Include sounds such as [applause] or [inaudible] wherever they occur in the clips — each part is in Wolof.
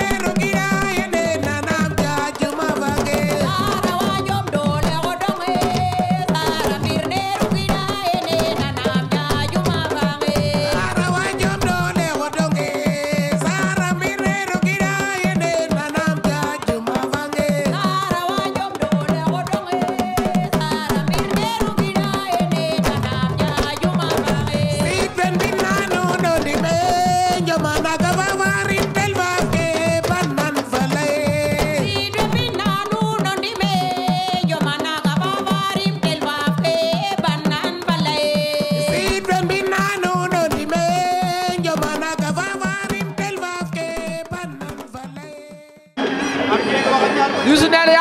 Moreno.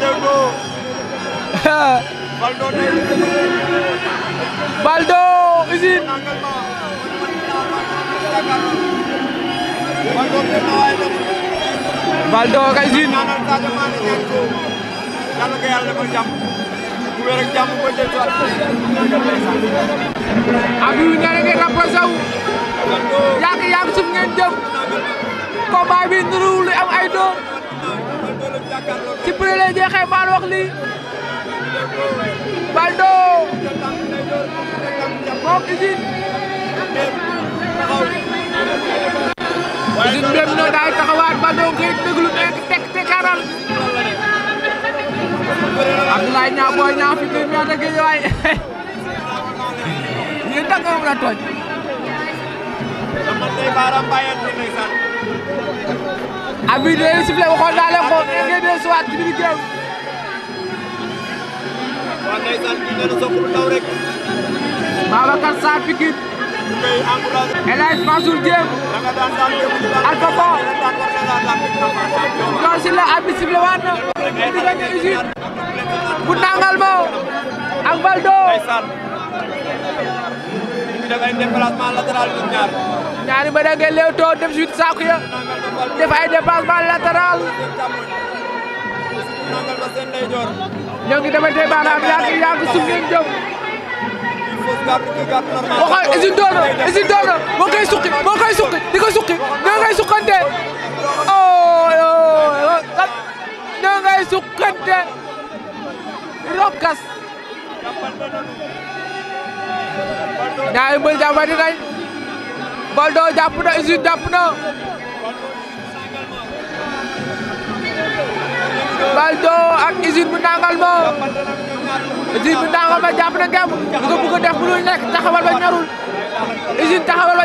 [laughs] Baldo usine Baldo ka usine yàlla nga yàlla defal jàmm bu wér ak jàmm ko def ak abi wi ñaare ngeen rapportew yàgg yàgg suuf ngeen jëm combat bi nuru lu am ay doon ci prix lay jeexee maal wax lii Baldo moom usine usine mbéb na daay taxawaat Baldo ngay déglu nekk tek tekaaral Abdoulaye ñaa booy ñaa fi mbéb ñaa dëgg waay [laughs] yéen tàggoom la tooñ. abi dee na sifflé waxoon naa leen ko ngeen dee suwaat ci biir géew waa ndeysaan kii nee na soxul ndaw rek Babacar Sarr si la abi sifflé waat na bu nangal bo ak Baldo da ñaari ba da ngay léew too dem suite ya def ay dépassement latéral ñoo ngi demante baaraam yaa ngi yaa ngi suuf ngeen jëm waxoon usine doono usine doono moo koy suqi moo koy suqi di ko suqi ñoo ngay suqante oh ñoo ngay suqante robkas ñaari mbër jàppante nañ Baldo jàpp na usine jàpp na usine bu ndàngal moo usine bu ndàngal ba jàpp na ngemb a def bu nekk taxawal ba ñorul usine taxawal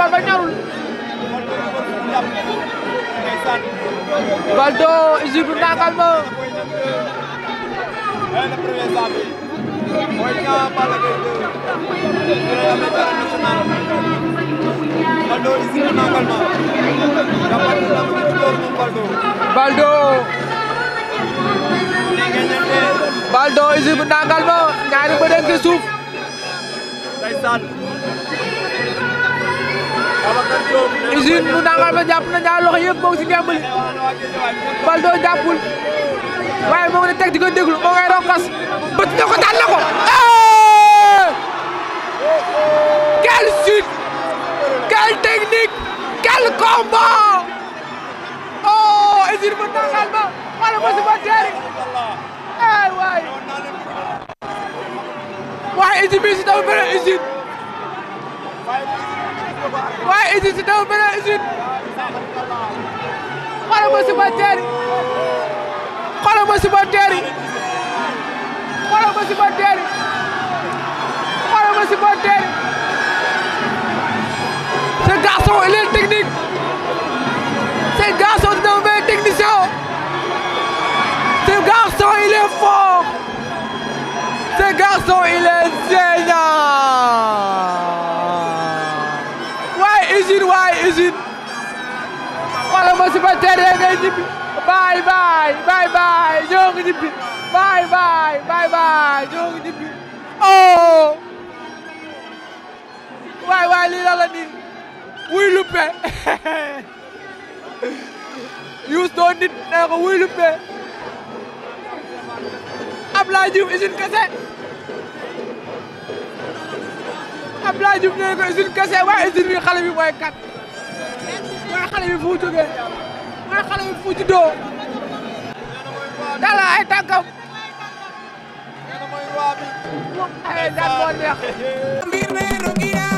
ba ba ñorul Valdo usine bu ndàngal moo le premier janvier mooy Niang Balla Gaye 2 national Baldo ici usine mu nangal ba jàpp na ñaar loxo yëpp moom si ngembali Baldo jàppul waaye moom la teg di ko déglu moo ngay ronkas bët na ko daan na ko quel chute quelle technique quel combat oh usine mu nangal ba wala ma si ma teeri ay waay waaye usine bi si dafa beneen usine usine si daw beneen usine xoolal ma supporter yi xoolal ma supporter yi xoolal ma ma supporter yi ce garçon il est technique ce garçon c'est un vrai technicien ce garçon il est fort ce garçon il est ngi ñibbi baay baay baay baay ñoo ngi ñibbi baay baay baay baay ñoo ngi ñibbi oh waay waay lii la la nii wuy luppe [laughs] yuus doo nit nee ko wuy luppe Ablaye Diouf usine kese Ablaye Diouf nee ko usine kese waaye usine bi xale bi mooy kat waaye xale bi fu mu jógee mooy xale yu fu juddoo dala ay tànkam mbir meenu